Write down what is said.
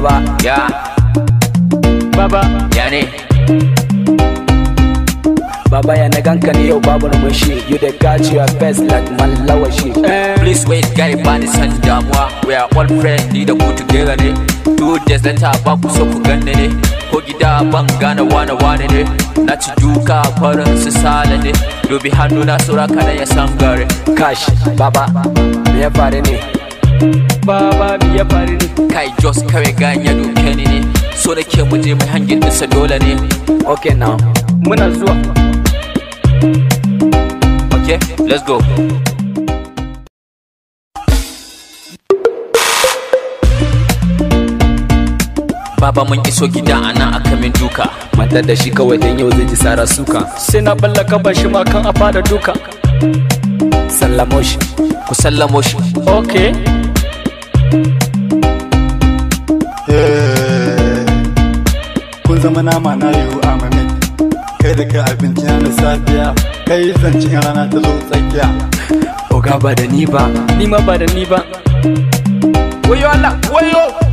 baba ya baba ya ne Baba ya na ganka ne yau babu rumun shi You the got your best like mallawa shi Please wait gari ni san damuwa We are all friends ni da ku together ne Two days ta ba ku so ku ganne ne Ko gida ban gane wane wane ne Na ci duka farin su sale ne Dubi hannu na saura kada ya san gare Cash baba me ya faru ne Baba me ya ne. I just kawai gayan ya doke ni ne so da mu je mai hangin dinsa dole ne okay now muna zuwa okay let's go Baba mun iso gida ana aka min duka Matar da shi kawai dan yau zai ji sara suka Sai na balla kaban shi ma kan a da duka Sallamo shi Ku sallamo shi Okay kuma nama na yiwu a mamin kai da kai abinci na safiya kai zancin rana ta zo tsakiya oga ba da ni ba ni ma ba da ni ba wayo Allah wayo